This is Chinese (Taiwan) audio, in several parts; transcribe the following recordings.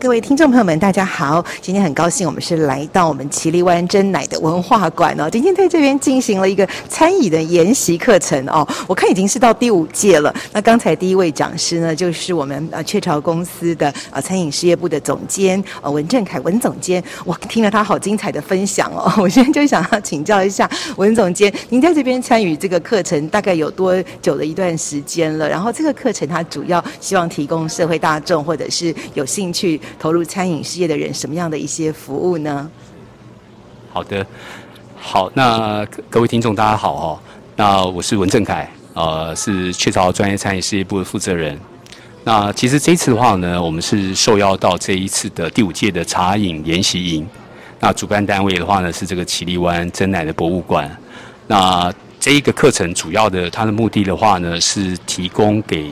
各位聽眾朋友們，大家好！今天很高興，我們是來到我們奇麗灣珍奶的文化館哦。今天在這邊進行了一個餐飲的研習課程哦。我看已經是到第五屆了。那剛才第一位講師呢，就是我們呃雀巢公司的啊餐飲事業部的總監呃、啊，文振凱文總監。我聽了他好精彩的分享哦。我現在就想要請教一下文總監，您在這邊參與這個課程大概有多久的一段時間了？然後這個課程它主要希望提供社會大眾或者是有興趣，去投入餐飲事業的人，什麼樣的一些服務呢？好的，好，那各位聽眾大家好哦，那我是文振凱，呃，是雀巢專業餐飲事業部的負責人。那其實這一次的話呢，我們是受邀到這一次的第五屆的茶飲研習營。那主辦單位的話呢，是這個奇麗灣珍奶的博物館。那這一個課程主要的它的目的的話呢，是提供給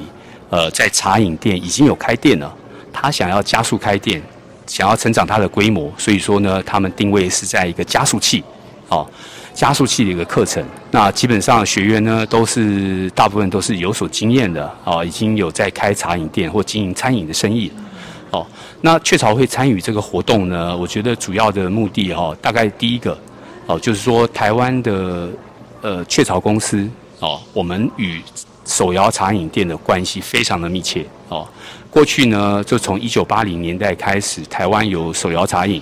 呃在茶飲店已經有開店了。他想要加速開店，想要成長他的規模，所以說呢，他們定位是在一個加速器，哦，加速器的一個課程。那基本上學員呢，都是大部分都是有所經驗的，啊、哦，已經有在開茶飲店或經營餐飲的生意了，哦。那雀巢會參與這個活動呢，我覺得主要的目的哦，大概第一個哦，就是說台灣的呃雀巢公司哦，我們與。手搖茶飲店的關係非常的密切哦。過去呢，就從一九八零年代開始，台灣有手搖茶飲，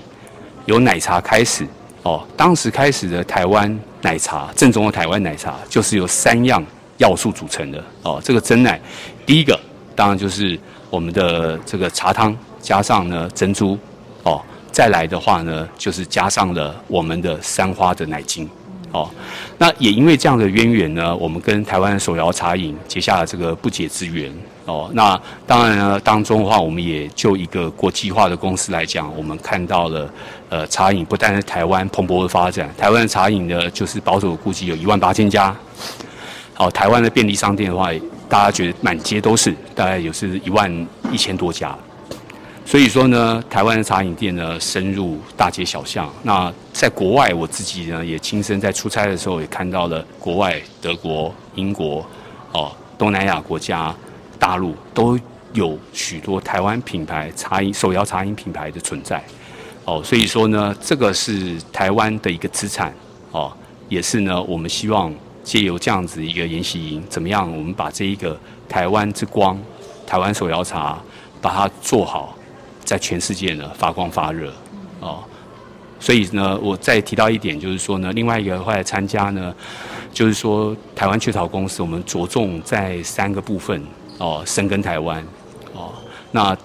有奶茶開始哦。當時開始的台灣奶茶，正宗的台灣奶茶就是由三樣要素組成的哦。這個珍奶，第一個當然就是我們的這個茶湯，加上呢珍珠哦，再來的話呢，就是加上了我們的三花的奶精。哦，那也因為這樣的淵源呢，我們跟台灣的手搖茶飲結下了這個不解之緣。哦，那當然呢，當中的話，我們也就一個國際化的公司來講，我們看到了，呃，茶飲不但是台灣蓬勃的發展，台灣的茶飲呢，就是保守估計有一萬八千家。好、哦，台灣的便利商店的話，大家覺得滿街都是，大概有是一萬一千多家。所以說呢，台灣的茶飲店呢，深入大街小巷。那在國外，我自己呢也親身在出差的時候也看到了，國外德國、英國、哦東南亞國家、大陸都有許多台灣品牌茶飲、手搖茶飲品牌的存在。哦，所以說呢，這個是台灣的一個資產，哦，也是呢我們希望借由這樣子一個研習營，怎麼樣？我們把這一個台灣之光、台灣手搖茶把它做好。在全世界呢發光發熱，哦，所以呢，我再提到一點，就是說呢，另外一個會來參加呢，就是說台灣雀巢公司，我們着重在三個部分哦，深耕台灣哦，那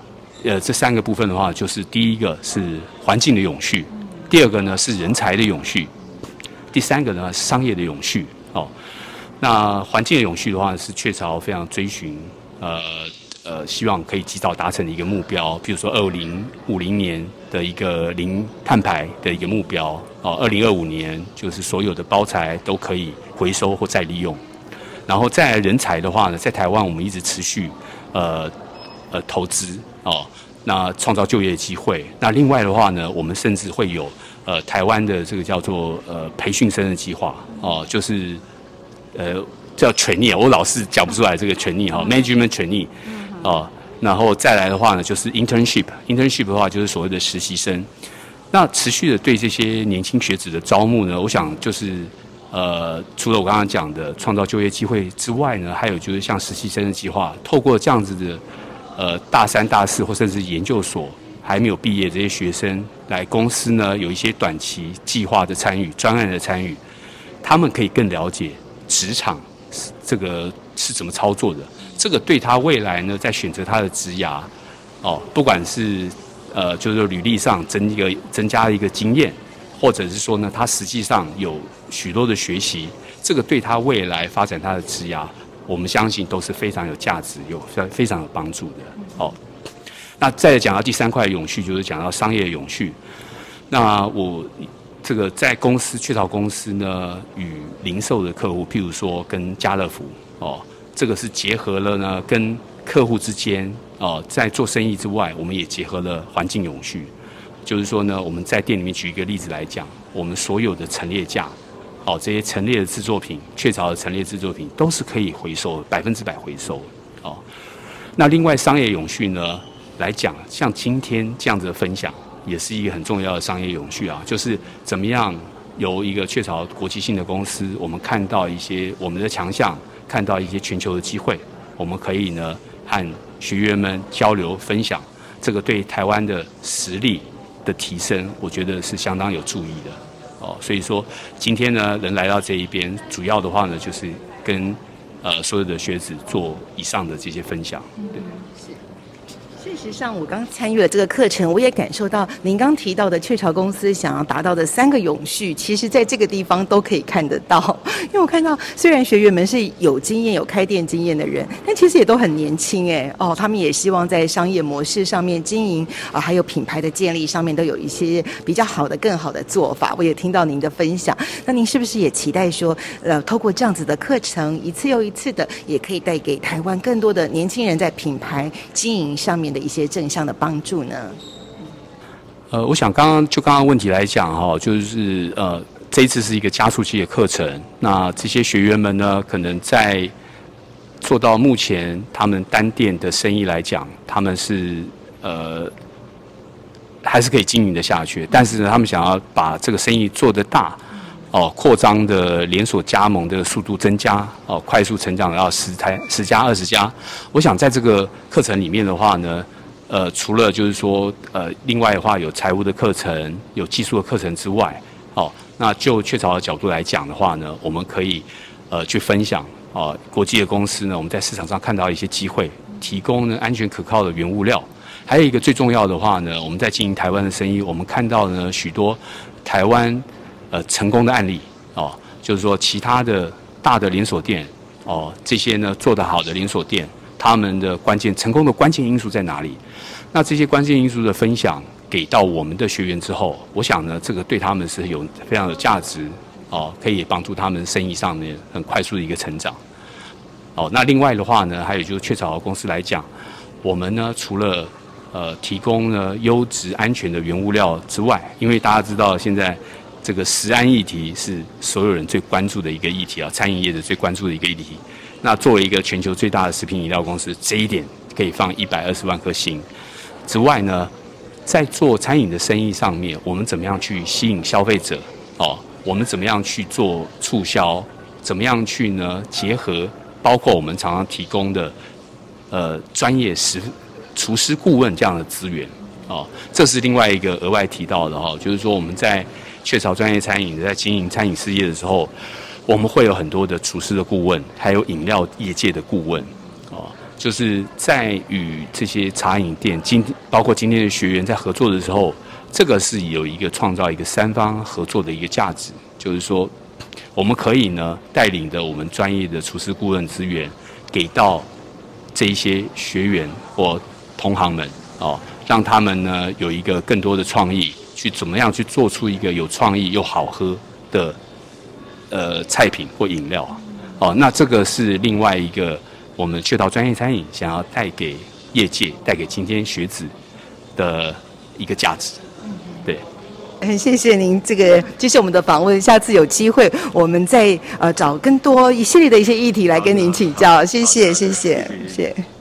呃這三個部分的話，就是第一個是環境的永續，第二個呢是人才的永續，第三個呢是商業的永續哦。那環境的永續的話，是雀巢非常追尋呃。呃，希望可以及早達成的一個目標，比如說二零五零年的一個零碳排的一個目標，哦，二零二五年就是所有的包材都可以回收或再利用。然後在人才的話呢，在台灣我們一直持續呃呃投資哦，那創造就業機會。那另外的話呢，我們甚至會有呃台灣的這個叫做呃培訓生的計劃哦，呃，就是呃叫 trainee，我老是講不出來這個 trainee 哈，management trainee。啊、哦，然後再來的話呢，就是 internship，internship 的話就是所謂的實習生。那持續的對這些年輕學子的招募呢，我想就是呃，除了我剛剛講的創造就業機會之外呢，還有就是像實習生的計劃，透過這樣子的呃大三、大四或甚至研究所還沒有畢業這些學生來公司呢，有一些短期計劃的參與、專案的參與，他們可以更了解職場是這個是怎麼操作的。這個對他未來呢，在選擇他的職涯，哦，不管是呃，就是履歷上增一個增加一個經驗，或者是說呢，他實際上有許多的學習，這個對他未來發展他的職涯，我們相信都是非常有價值、有非常非常有幫助的。哦，那再講到第三塊永續，就是講到商業永續。那我這個在公司雀巢公司呢，與零售的客戶，譬如說跟家樂福，哦。這個是結合了呢，跟客戶之間哦、呃，在做生意之外，我們也結合了環境永續，就是說呢，我們在店裡面，舉一個例子來講，我們所有的陳列架，哦，這些陳列的制作品，雀巢的陳列制作品都是可以回收，百分之百回收哦。那另外商業永續呢，來講，像今天這樣子的分享，也是一個很重要的商業永續啊，就是怎麼樣？由一個雀巢國際性的公司，我們看到一些我們的強項，看到一些全球的機會，我們可以呢和學員們交流分享，這個對台灣的實力的提升，我覺得是相當有注意的、有助益的哦。所以說今天呢，人能來到這一邊，主要的話呢就是跟呃所有的學子做以上的這些分享。對，謝謝、嗯。事實上，我剛參與了這個課程，我也感受到您剛提到的雀巢公司想要達到的三個永續，其實在這個地方都可以看得到。因為我看到，雖然學員們是有經驗、有開店經驗的人，但其實也都很年輕哎、欸、哦，他們也希望在商業模式上面經營啊、呃，還有品牌的建立上面都有一些比較好的、更好的做法。我也聽到您的分享，那您是不是也期待說，呃，透過這樣子的課程，一次又一次的，也可以帶給台灣更多的年輕人在品牌經營上面？的一些正向的幫助呢？呃，我想剛剛就剛剛問題來講哈、哦，就是呃，這次是一個加速器的課程，那這些學員們呢，可能在做到目前他們單店的生意來講，他們是呃還是可以經營得下去，但是呢，他們想要把這個生意做得大。哦，擴張的連鎖加盟的速度增加，哦，快速成長到，到十台十家二十家。我想在這個課程裡面的話呢，呃，除了就是說，呃，另外的話有財務的課程，有技術的課程之外，哦，那就雀巢的角度來講的話呢，我們可以呃去分享啊、哦，國際的公司呢，我們在市場上看到一些機會，提供呢安全可靠的原物料，還有一個最重要的話呢，我們在經營台灣的生意，我們看到呢許多台灣。呃，成功的案例哦，就是說其他的大的，大的連鎖店哦，這些呢做得好的連鎖店，他們的關鍵成功的關鍵因素在哪裡？那這些關鍵因素的分享給到我們的學員之後，我想呢，這個對他們是有非常有價值哦，可以幫助他們生意上面很快速的一個成長。哦，那另外的話呢，還有就是雀巢公司來講，我們呢除了呃提供了優質安全的原物料之外，因為大家知道現在。這個食安議題是所有人最關注的一個議題啊，餐飲業者最關注的一個議題。那作為一個全球最大的食品飲料公司，這一點可以放一百二十萬顆心。之外呢，在做餐飲的生意上面，我們怎麼樣去吸引消費者？哦，我們怎麼樣去做促銷？怎麼樣去呢？結合包括我們常常提供的，呃，專業食廚師顧問這樣的資源哦，這是另外一個額外提到的哈、哦，就是說我們在。雀巢專業餐飲在經營餐飲事業的時候，我們會有很多的廚師的顧問，還有飲料業界的顧問，啊、哦，就是在與這些茶飲店今包括今天的學員在合作的時候，這個是有一個創造一個三方合作的一個價值，就是說，我們可以呢帶領著我們專業的廚師顧問資源給到這一些學員或同行們，哦，讓他們呢有一個更多的創意。去怎麼樣去做出一個有創意又好喝的呃菜品或飲料哦，那這個是另外一個我們雀巢專業餐飲想要帶給業界、帶給今天學子的一個價值。對，很、嗯、謝謝您，這個謝謝、就是、我們的訪問。下次有機會，我們再呃找更多一系列的一些議題來跟您請教。謝謝，好謝謝，謝謝。謝謝